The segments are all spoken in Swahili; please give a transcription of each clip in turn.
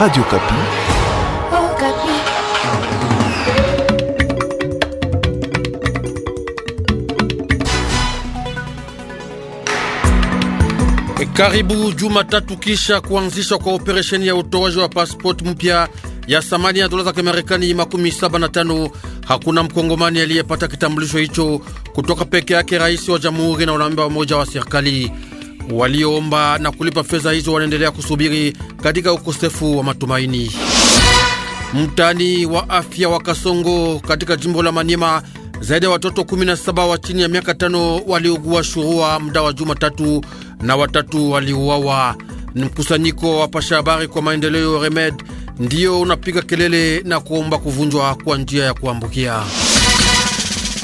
Radio Kapi. Oh, Kapi. E, karibu Jumatatu kisha kuanzishwa kwa operesheni ya utoaji wa pasipoti mpya ya thamani ya dola za Kimarekani makumi saba na tano. Hakuna mkongomani aliyepata kitambulisho hicho kutoka peke yake rais wa jamhuri na wanamemba wa moja wa serikali. Walioomba na kulipa fedha hizo wanaendelea kusubiri katika ukosefu wa matumaini. Mtani wa afya wa Kasongo katika jimbo la Maniema, zaidi ya watoto 17 wa chini ya miaka tano waliugua shurua muda wa tatu na watatu waliuawa. Ni mkusanyiko wa pasha habari kwa maendeleo Remed ndiyo unapiga kelele na kuomba kuvunjwa kwa njia ya kuambukia.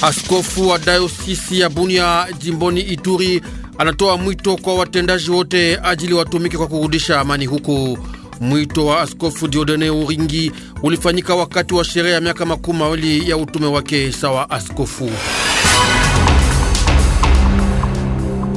Askofu wa dayosisi ya Bunia jimboni Ituri anatoa mwito kwa watendaji wote ajili watumike kwa kurudisha amani huko. Mwito wa Askofu Diodene Uringi ulifanyika wakati wa sherehe ya miaka makumi mawili ya utume wake sawa askofu.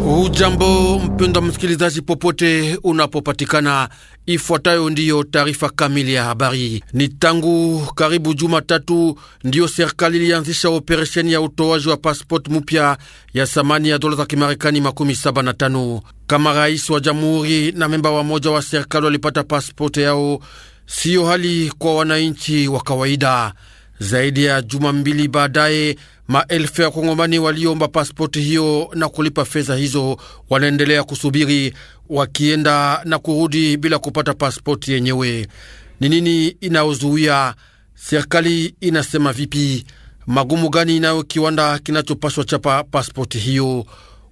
Ujambo mpendwa msikilizaji, popote unapopatikana, ifuatayo ndiyo taarifa kamili ya habari. Ni tangu karibu juma tatu ndiyo serikali ilianzisha operesheni ya utoaji wa pasipoti mupya ya thamani ya dola za Kimarekani makumi saba na tano. Kama rais wa jamhuri na memba wa moja wa serikali walipata pasipoti yao, siyo hali kwa wananchi wa kawaida. Zaidi ya juma mbili baadaye Maelfu ya Kongomani waliomba pasipoti hiyo na kulipa fedha hizo wanaendelea kusubiri wakienda na kurudi bila kupata pasipoti yenyewe. Ni nini inayozuia? Serikali inasema vipi? Magumu gani inayo kiwanda kinachopaswa chapa pasipoti hiyo?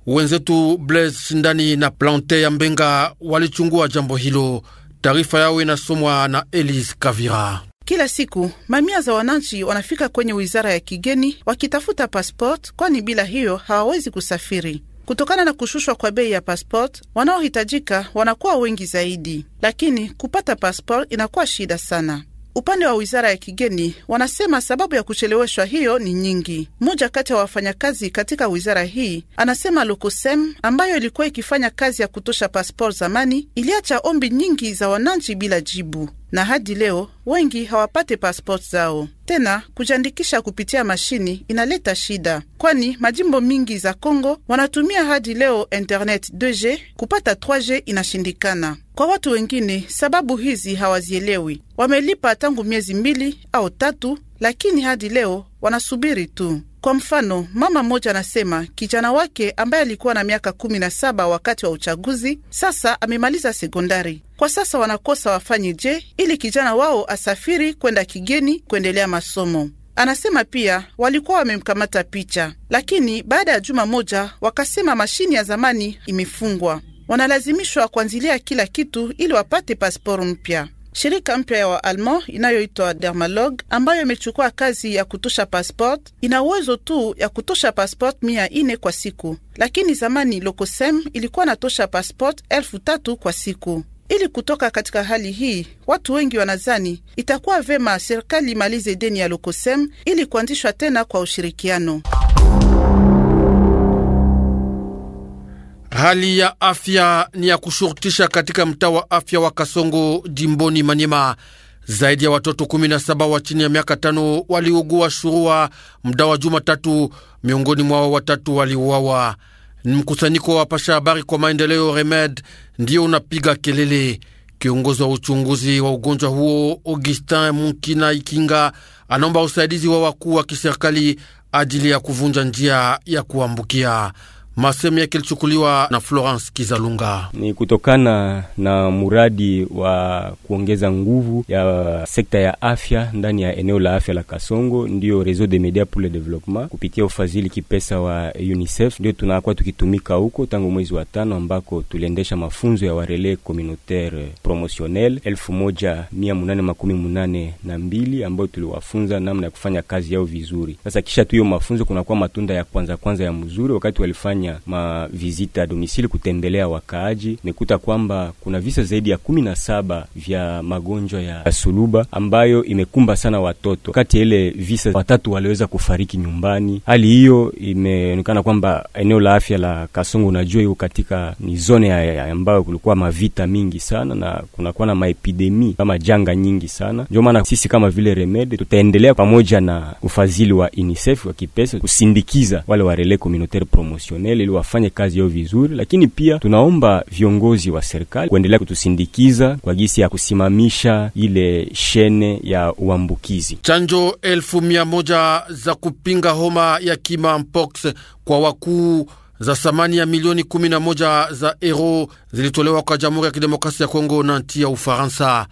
Wenzetu Blaise Sindani na Plante ya Mbenga walichungua jambo hilo. Taarifa yao inasomwa na Elise Kavira. Kila siku mamia za wananchi wanafika kwenye wizara ya kigeni wakitafuta passport, kwani bila hiyo hawawezi kusafiri. Kutokana na kushushwa kwa bei ya passport, wanaohitajika wanakuwa wengi zaidi, lakini kupata passport inakuwa shida sana. Upande wa wizara ya kigeni wanasema sababu ya kucheleweshwa hiyo ni nyingi. Mmoja kati ya wafanyakazi katika wizara hii anasema Lukusem, ambayo ilikuwa ikifanya kazi ya kutosha pasipoti zamani, iliacha ombi nyingi za wananchi bila jibu, na hadi leo wengi hawapate pasipoti zao. Tena kujiandikisha kupitia mashini inaleta shida, kwani majimbo mingi za Kongo wanatumia hadi leo internet 2G, kupata 3G inashindikana. Kwa watu wengine sababu hizi hawazielewi. Wamelipa tangu miezi mbili au tatu, lakini hadi leo wanasubiri tu. Kwa mfano, mama mmoja anasema kijana wake ambaye alikuwa na miaka kumi na saba wakati wa uchaguzi sasa amemaliza sekondari. Kwa sasa wanakosa wafanye je ili kijana wao asafiri kwenda kigeni kuendelea masomo. Anasema pia walikuwa wamemkamata picha, lakini baada ya juma moja wakasema mashini ya zamani imefungwa wanalazimishwa kuanzilia kila kitu ili wapate pasiporo mpya. Shirika mpya ya Waalma inayoitwa Dermalog ambayo imechukua kazi ya kutosha passport ina uwezo tu ya kutosha passport mia ine kwa siku, lakini zamani Lokosem ilikuwa natosha passport elfu tatu kwa siku. Ili kutoka katika hali hii, watu wengi wanazani itakuwa vema serikali imalize deni ya Lokosem ili kuanzishwa tena kwa ushirikiano. Hali ya afya ni ya kushurutisha katika mtaa wa afya wa Kasongo jimboni Manyema. Zaidi ya watoto 17 wa chini ya miaka tano waliugua shurua mda wa Jumatatu, miongoni mwao watatu waliuawa. Ni mkusanyiko wa pasha habari kwa maendeleo Remed ndiyo unapiga kelele. Kiongozi wa uchunguzi wa ugonjwa huo Augustin Munkina Ikinga anaomba usaidizi wa wakuu wa kiserikali ajili ya kuvunja njia ya kuambukia Masemi yake ilichukuliwa na Florence Kizalunga. Ni kutokana na muradi wa kuongeza nguvu ya sekta ya afya ndani ya eneo la afya la Kasongo, ndiyo Reseau de Media pour le Developpement kupitia ufadhili kipesa wa UNICEF, ndio tunakuwa tukitumika huko tangu mwezi wa tano, ambako tuliendesha mafunzo ya warele communautaire promotionnel elfu moja mia munane makumi munane na mbili ambayo tuliwafunza namna ya kufanya kazi yao vizuri. Sasa kisha tu hiyo mafunzo kunakuwa matunda ya kwanza kwanza ya mzuri wakati walifanya kufanya mavizita ya domisili kutembelea wakaaji, nikuta kwamba kuna visa zaidi ya kumi na saba vya magonjwa ya suluba ambayo imekumba sana watoto. Kati ya ile visa watatu waliweza kufariki nyumbani. Hali hiyo imeonekana kwamba eneo la afya la Kasongo, unajua hiyo katika ni zone ya ambayo kulikuwa mavita mingi sana na kunakuwa na maepidemi kama janga nyingi sana. Ndio maana sisi kama vile Remede tutaendelea pamoja na ufadhili wa UNICEF wa kipesa kusindikiza wale warele communautaire promotionnel PNL ili wafanye kazi yao vizuri, lakini pia tunaomba viongozi wa serikali kuendelea kutusindikiza kwa gisi ya kusimamisha ile shene ya uambukizi. Chanjo elfu mia moja za kupinga homa ya kima mpox kwa wakuu za thamani ya milioni 11 za euro zilitolewa kwa Jamhuri ya Kidemokrasia ya Kongo na nchi ya Ufaransa.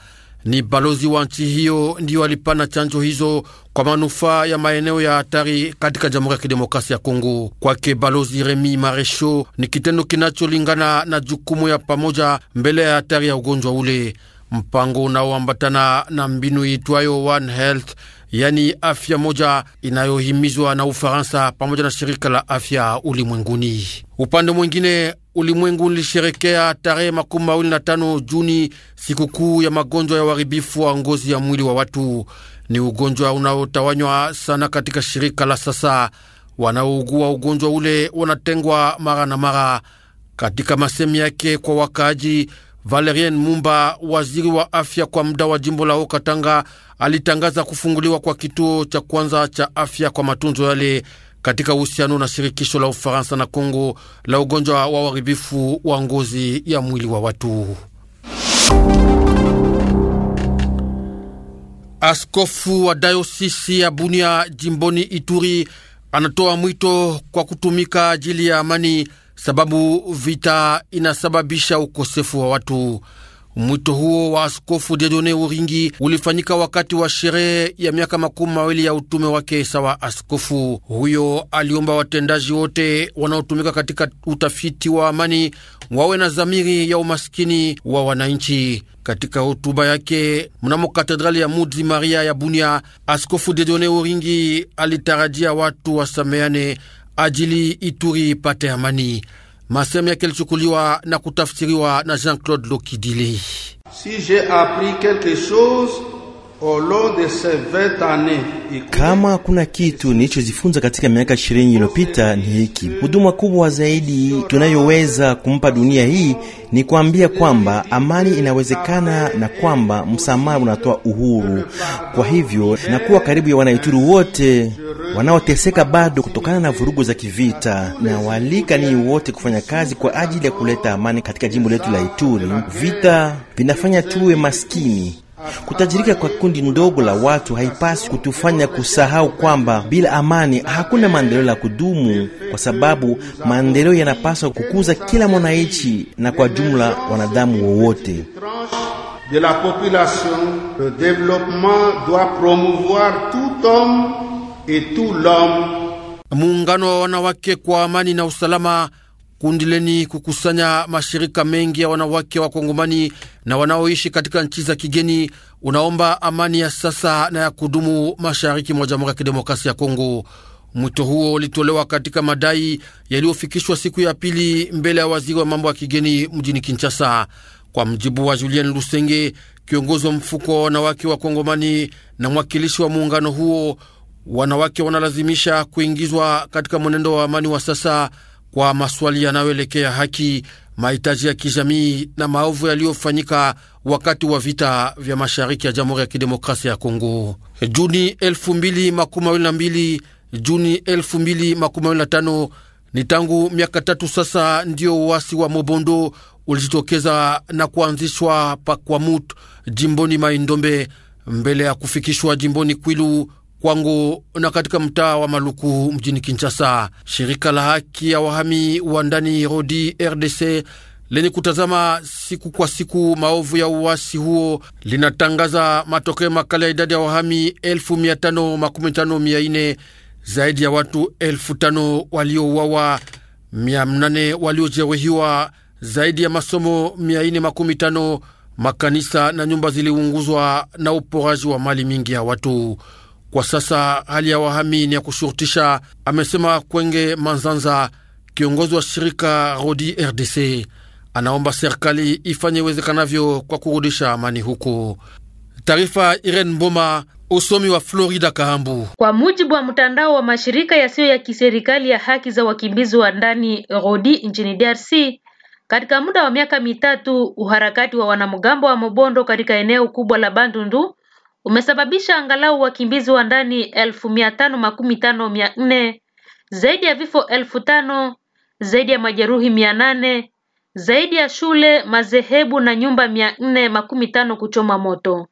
Ni balozi wa nchi hiyo ndiyo alipana chanjo hizo kwa manufaa ya maeneo ya hatari katika Jamhuri ya Kidemokrasia ya Kongo. Kwake balozi Remi Maresho, ni kitendo kinacholingana na jukumu ya pamoja mbele ya hatari ya ugonjwa ule, mpango unaoambatana na mbinu iitwayo One Health, yani afya moja, inayohimizwa na Ufaransa pamoja na shirika la afya ulimwenguni. Upande mwingine ulimwengu ulisherekea tarehe makumi mawili na tano Juni sikukuu ya magonjwa ya uharibifu wa ngozi ya mwili wa watu. Ni ugonjwa unaotawanywa sana katika shirika la sasa. Wanaougua ugonjwa ule wanatengwa mara na mara. Katika masemi yake kwa wakaaji, Valerien Mumba, waziri wa afya kwa muda wa jimbo la Okatanga, alitangaza kufunguliwa kwa kituo cha kwanza cha afya kwa matunzo yale katika uhusiano na shirikisho la Ufaransa na Kongo la ugonjwa wa uharibifu wa ngozi ya mwili wa watu. Askofu wa dayosisi ya Bunia jimboni Ituri anatoa mwito kwa kutumika ajili ya amani, sababu vita inasababisha ukosefu wa watu. Mwito huo wa askofu Dedone Uringi ulifanyika wakati wa sherehe ya miaka makumi mawili ya utume wake sawa askofu. Huyo aliomba watendaji wote wanaotumika katika utafiti wa amani wawe na zamiri ya umaskini wa wananchi. Katika hotuba yake mnamo katedrali ya Mudzi Maria ya Bunia, askofu Dedone Uringi alitarajia watu wasameane ajili Ituri ipate amani. Masemu yake yalichukuliwa na kutafsiriwa na Jean-Claude Lokidile. Si j'ai appris quelque chose kama kuna kitu nilichojifunza katika miaka ishirini iliyopita ni hiki: huduma kubwa zaidi tunayoweza kumpa dunia hii ni kuambia kwamba amani inawezekana na kwamba msamaha unatoa uhuru. Kwa hivyo na kuwa karibu ya wanaituru wote wanaoteseka bado kutokana na vurugu za kivita, na waalika ni wote kufanya kazi kwa ajili ya kuleta amani katika jimbo letu la Ituri. Vita vinafanya tuwe maskini. Kutajirika kwa kundi ndogo la watu haipasi kutufanya kusahau kwamba bila amani hakuna maendeleo la kudumu, kwa sababu maendeleo yanapaswa kukuza kila mwananchi na kwa jumla wanadamu wowote de la population. Le développement doit promouvoir tout homme Muungano wa wanawake kwa amani na usalama kundileni kukusanya mashirika mengi ya wanawake wa Kongomani na wanaoishi katika nchi za kigeni, unaomba amani ya sasa na ya kudumu mashariki mwa Jamhuri ya Kidemokrasia ya Kongo. Mwito huo ulitolewa katika madai yaliyofikishwa siku ya pili mbele ya waziri wa mambo ya kigeni mjini Kinshasa. Kwa mjibu wa Julien Lusenge, kiongozi wa mfuko wa wanawake wa Kongomani na mwakilishi wa muungano huo wanawake wanalazimisha kuingizwa katika mwenendo wa amani wa sasa kwa maswali yanayoelekea haki, mahitaji ya kijamii na maovu yaliyofanyika wakati wa vita vya mashariki ya Jamhuri ya Kidemokrasia ya Kongo. Juni 2022 Juni 2025 ni tangu miaka tatu sasa ndiyo uasi wa Mobondo ulijitokeza na kuanzishwa pa Kwamut jimboni maindombe mbele ya kufikishwa jimboni Kwilu kwangu na katika mtaa wa Maluku mjini Kinshasa. Shirika la haki ya wahami wa ndani Rodi RDC lenye kutazama siku kwa siku maovu ya uwasi huo linatangaza matokeo makali ya idadi ya wahami elfu zaidi ya watu 5 waliowawa waliouawa, mia waliojeruhiwa, zaidi ya masomo 415, makanisa na nyumba ziliunguzwa na uporaji wa mali mingi ya watu. Kwa sasa hali ya wahami ni ya kushurutisha, amesema Kwenge Manzanza, kiongozi wa shirika Rodi RDC. Anaomba serikali ifanye wezekanavyo kwa kurudisha amani huko. Taarifa Irene Mboma. Usomi wa Florida Kahambu. Kwa mujibu wa mtandao wa mashirika yasiyo ya kiserikali ya haki za wakimbizi wa ndani Rodi nchini DRC, katika muda wa miaka mitatu uharakati wa wanamgambo wa Mobondo katika eneo kubwa la Bandundu umesababisha angalau wakimbizi wa ndani elfu mia tano makumi tano mia nne zaidi ya vifo elfu tano zaidi ya majeruhi mia nane zaidi ya shule, madhehebu na nyumba mia nne makumi tano kuchoma moto.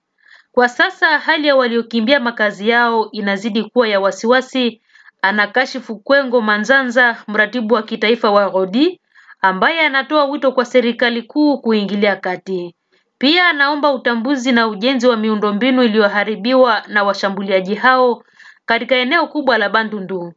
Kwa sasa hali ya waliokimbia makazi yao inazidi kuwa ya wasiwasi, anakashifu Kwengo Manzanza, mratibu wa kitaifa wa RODI ambaye anatoa wito kwa serikali kuu kuingilia kati. Pia anaomba utambuzi na ujenzi wa miundombinu iliyoharibiwa na washambuliaji hao katika eneo kubwa la Bandundu.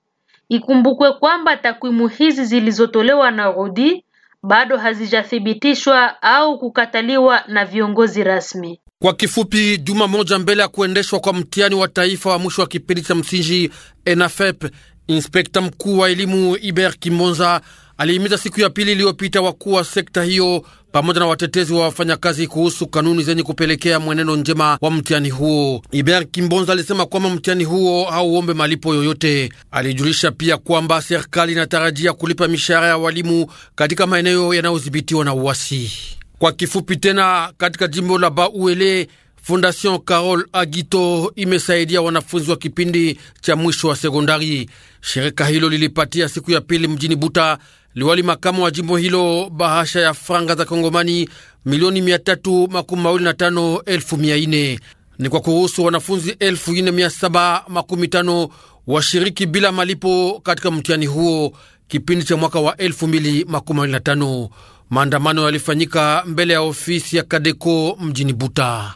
Ikumbukwe kwamba takwimu hizi zilizotolewa na Rudi bado hazijathibitishwa au kukataliwa na viongozi rasmi. Kwa kifupi, juma moja mbele ya kuendeshwa kwa mtihani wa taifa wa mwisho wa kipindi cha msingi ENAFEP, inspekta mkuu wa elimu Iber Kimonza alihimiza siku ya pili iliyopita wakuu wa sekta hiyo pamoja na watetezi wa wafanyakazi kuhusu kanuni zenye kupelekea mwenendo njema wa mtihani huo. Iber Kimbonza alisema kwamba mtihani huo hauombe malipo yoyote. Alijulisha pia kwamba serikali inatarajia kulipa mishahara ya walimu katika maeneo yanayodhibitiwa na uwasi Kwa kifupi tena, katika jimbo la Bauele Fondation Carol Agito imesaidia wanafunzi wa kipindi cha mwisho wa sekondari. Shirika hilo lilipatia siku ya pili mjini Buta liwali makamu wa jimbo hilo bahasha ya franga za Kongomani milioni mia tatu makumi mawili na tano elfu mia ine ni kwa kuhusu wanafunzi elfu ine mia saba makumi tano washiriki bila malipo katika mtihani huo kipindi cha mwaka wa elfu mbili makumi mawili na tano. Maandamano yalifanyika mbele ya ofisi ya Kadeko mjini Buta.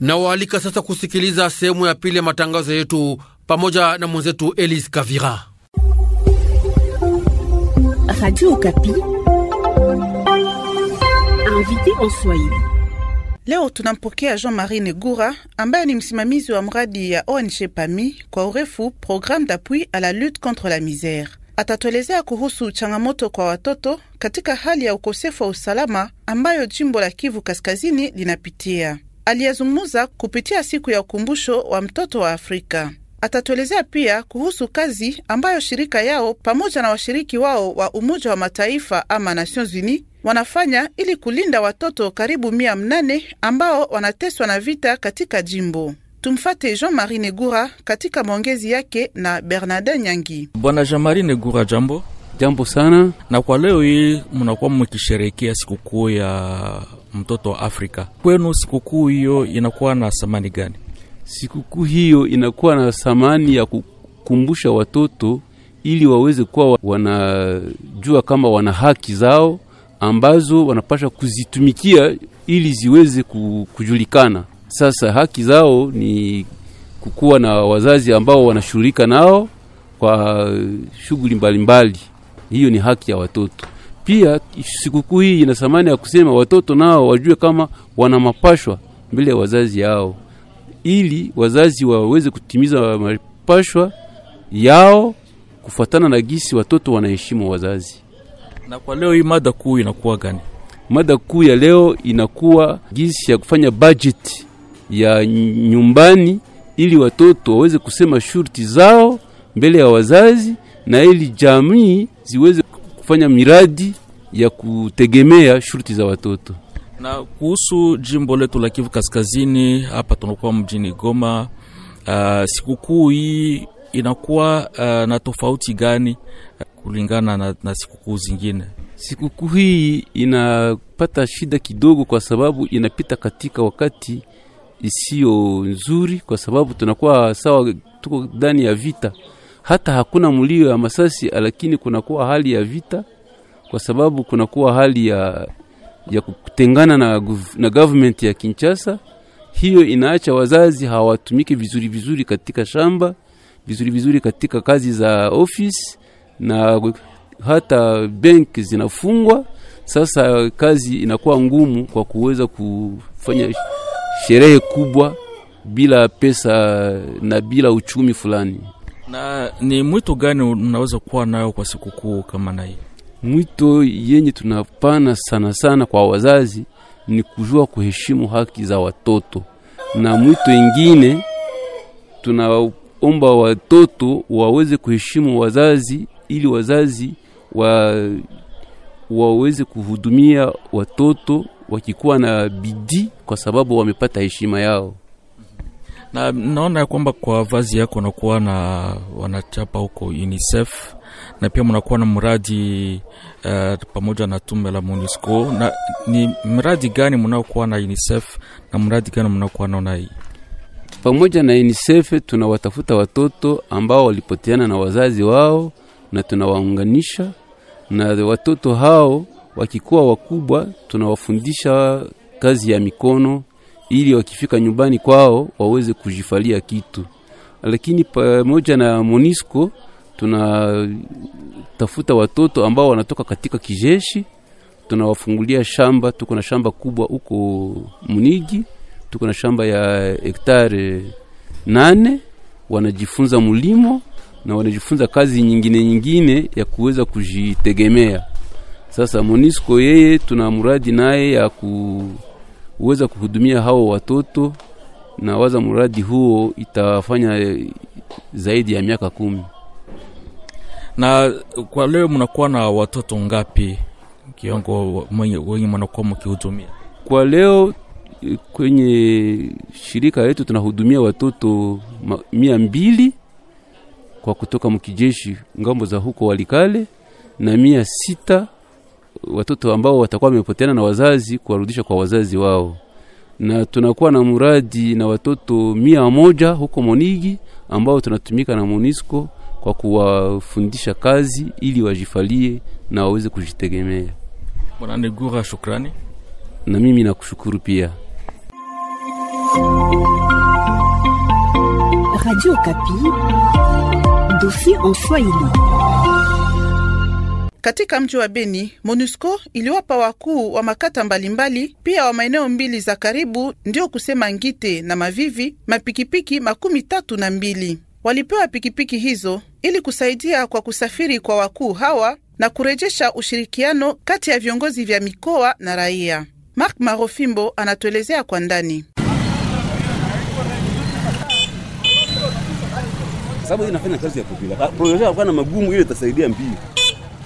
Nawaalika sasa kusikiliza sehemu ya pili ya matangazo yetu pamoja na mwenzetu Elise Kavira. Leo tunampokea Jean-Marie Negura ambaye ni msimamizi wa mradi ya ONG PAMI kwa urefu programme d'appui à la lutte contre la misère. Atatuelezea kuhusu changamoto kwa watoto katika hali ya ukosefu wa usalama ambayo jimbo la Kivu Kaskazini linapitia aliyezungumza kupitia siku ya ukumbusho wa mtoto wa Afrika. Atatuelezea pia kuhusu kazi ambayo shirika yao pamoja na washiriki wao wa Umoja wa Mataifa ama Nations Unies wanafanya ili kulinda watoto karibu mia mnane ambao wanateswa na vita katika jimbo. Tumfate Jean-Marie Negura katika maongezi yake na Bernardin Nyangi. Bwana Jean-Marie Negura, jambo. Jambo sana. Na kwa leo hii mnakuwa mkisherehekea sikukuu ya mtoto wa Afrika, kwenu sikukuu hiyo inakuwa na thamani gani? Sikukuu hiyo inakuwa na thamani ya kukumbusha watoto ili waweze kuwa wanajua kama wana haki zao ambazo wanapasha kuzitumikia ili ziweze kujulikana. Sasa haki zao ni kukuwa na wazazi ambao wanashughulika nao kwa shughuli mbalimbali. Hiyo ni haki ya watoto. Pia sikukuu hii ina thamani ya kusema watoto nao wajue kama wana mapashwa mbele ya wazazi yao, ili wazazi waweze kutimiza mapashwa yao kufuatana na gisi watoto wanaheshimu wazazi. Na kwa leo hii mada kuu inakuwa gani? Mada kuu ya leo inakuwa gisi ya kufanya budget ya nyumbani ili watoto waweze kusema shurti zao mbele ya wazazi na ili jamii ziweze kufanya miradi ya kutegemea shurti za watoto. Na kuhusu jimbo letu la Kivu Kaskazini, hapa tunakuwa mjini Goma. Uh, sikukuu hii inakuwa uh, na tofauti gani kulingana na, na sikukuu zingine? Sikukuu hii inapata shida kidogo, kwa sababu inapita katika wakati isiyo nzuri, kwa sababu tunakuwa sawa, tuko ndani ya vita hata hakuna mlio ya masasi, lakini kunakuwa hali ya vita, kwa sababu kunakuwa hali ya, ya kutengana na, na government ya Kinshasa. Hiyo inaacha wazazi hawatumike vizuri vizuri katika shamba vizuri vizuri katika kazi za ofisi na hata bank zinafungwa. Sasa kazi inakuwa ngumu kwa kuweza kufanya sherehe kubwa bila pesa na bila uchumi fulani. Na ni mwito gani unaweza kuwa nayo kwa sikukuu kama na hii? Mwito yenye tunapana sana sana kwa wazazi ni kujua kuheshimu haki za watoto, na mwito ingine tunaomba watoto waweze kuheshimu wazazi ili wazazi wa waweze kuhudumia watoto wakikuwa na bidii, kwa sababu wamepata heshima yao na naona ya kwamba kwa vazi yako unakuwa na wanachapa huko UNICEF na pia mnakuwa na mradi uh, pamoja na tume la MONUSCO. Na ni mradi gani mnaokuwa na UNICEF na mradi gani mnaokuwa nao na hii pamoja na UNICEF? Tunawatafuta watoto ambao walipoteana na wazazi wao na tunawaunganisha na watoto hao, wakikuwa wakubwa tunawafundisha kazi ya mikono ili wakifika nyumbani kwao waweze kujifalia kitu. Lakini pamoja na Monisco tunatafuta watoto ambao wanatoka katika kijeshi, tunawafungulia shamba. Tuko na shamba kubwa huko Munigi, tuko na shamba ya hektare nane. Wanajifunza mulimo na wanajifunza kazi nyingine nyingine ya kuweza kujitegemea. Sasa Monisco yeye tuna mradi naye ya ku uweza kuhudumia hao watoto, na waza mradi huo itafanya zaidi ya miaka kumi. Na kwa leo mnakuwa na watoto ngapi kiongo wenye mnakuwa mkihudumia? Kwa leo eh, kwenye shirika letu tunahudumia watoto mia mbili kwa kutoka mkijeshi ngambo za huko Walikale na mia sita watoto ambao watakuwa wamepoteana na wazazi kuwarudisha kwa wazazi wao, na tunakuwa na mradi na watoto mia moja huko Monigi ambao tunatumika na Monisco kwa kuwafundisha kazi ili wajifalie na waweze kujitegemea. Bwana Negura, shukrani. Na mimi nakushukuru pia. Radio Kapi, dossier en Swahili. Katika mji wa Beni, MONUSCO iliwapa wakuu wa makata mbalimbali pia wa maeneo mbili za karibu, ndio kusema Ngite na Mavivi, mapikipiki makumi tatu na mbili. Walipewa pikipiki hizo ili kusaidia kwa kusafiri kwa wakuu hawa na kurejesha ushirikiano kati ya viongozi vya mikoa na raia. Mark Marofimbo anatuelezea kwa ndani. Sababu inafanya kazi ya kupila. kwa na magumu ile itasaidia mbili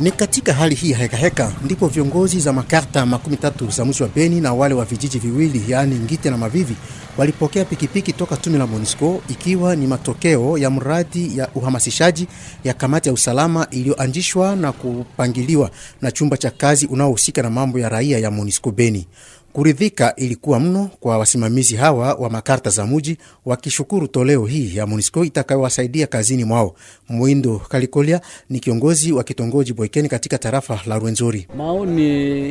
ni katika hali hii hekaheka ndipo viongozi za makarta makumi tatu za mji wa Beni na wale wa vijiji viwili yaani Ngite na Mavivi walipokea pikipiki toka tume la MONUSCO ikiwa ni matokeo ya mradi ya uhamasishaji ya kamati ya usalama iliyoanzishwa na kupangiliwa na chumba cha kazi unaohusika na mambo ya raia ya MONUSCO Beni. Kuridhika ilikuwa mno kwa wasimamizi hawa wa makarta za muji, wakishukuru toleo hii ya MONUSCO itakayowasaidia kazini mwao. Mwindo Kalikolia ni kiongozi wa kitongoji Boikeni katika tarafa la Rwenzori. Maoni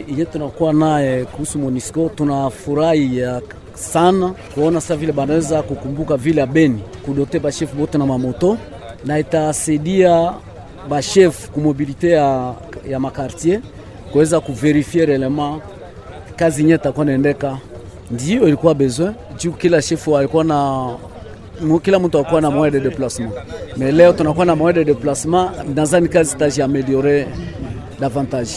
yenye tunakuwa naye kuhusu MONUSCO tunafurahi ya sana kuona sa vile banaweza kukumbuka vile abeni kudote bashefu bote na mamoto na itasaidia bashefu kumobilite ya, ya makartier kuweza kuverifie relema kazi yenyewe itakuwa naendeka. Ndio ilikuwa besoin juu kila shifu alikuwa na kila mtu akuwa na moyen de déplacement, me leo tunakuwa na moyen de déplacement, nadhani kazi itajiameliore davantage.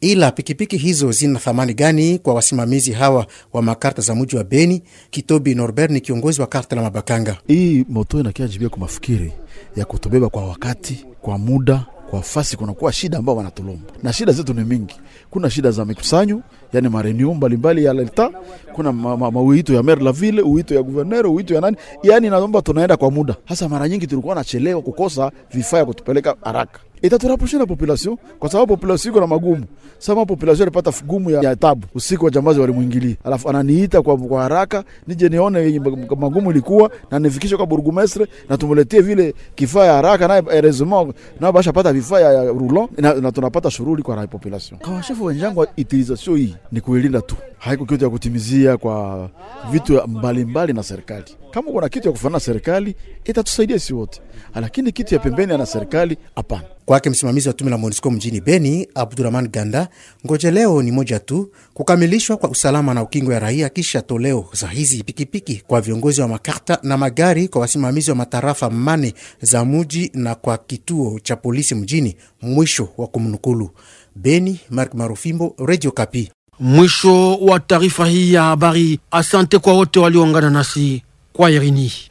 Ila pikipiki hizo zina thamani gani kwa wasimamizi hawa wa makarta za mji wa Beni? Kitobi Norbert ni kiongozi wa karta la Mabakanga. Hii moto inakiajibia kwa mafikiri ya kutobeba kwa wakati, kwa muda kwa fasi kunakuwa shida ambao wanatulomba, na shida zetu ni mingi. Kuna shida za mikusanyo, yani marenio mbalimbali ya leta, kuna mawito ma, ma, ya mer la ville, uito ya guvernero, uito ya nani, yani naomba tunaenda kwa muda hasa. Mara nyingi tulikuwa nachelewa kukosa vifaa ya kutupeleka haraka itaturapushia na population, kwa sababu population iko na magumu. Sama population alipata gumu ya, ya tabu usiku, wa jambazi walimwingilia, alafu ananiita kwa, kwa haraka nije nione magumu ilikuwa na nifikishe kwa burgomestre na tumuletee vile kifaa ya haraka, naye heureusement eh, naye basha pata vifaa ya rulon na, na tunapata shughuli kwa population. Kwa washefu wenzangu, utilization hii ni kuilinda tu, haiko kitu ya kutimizia kwa vitu mbalimbali mbali na serikali kama kuna kitu ya kufanana serikali itatusaidia si wote, lakini kitu ya pembeni ana serikali hapana. Kwake msimamizi wa tume la MONUSCO mjini Beni, Abdurahman Ganda, ngoja leo ni moja tu kukamilishwa kwa usalama na ukingo ya raia kisha toleo za hizi pikipiki kwa viongozi wa makarta na magari kwa wasimamizi wa matarafa mane za muji na kwa kituo cha polisi mjini. Mwisho wa kumnukulu. Beni, Mark Marufimbo, Radio Kapi. Mwisho wa taarifa hii ya habari. Asante kwa wote walioungana nasi. Irini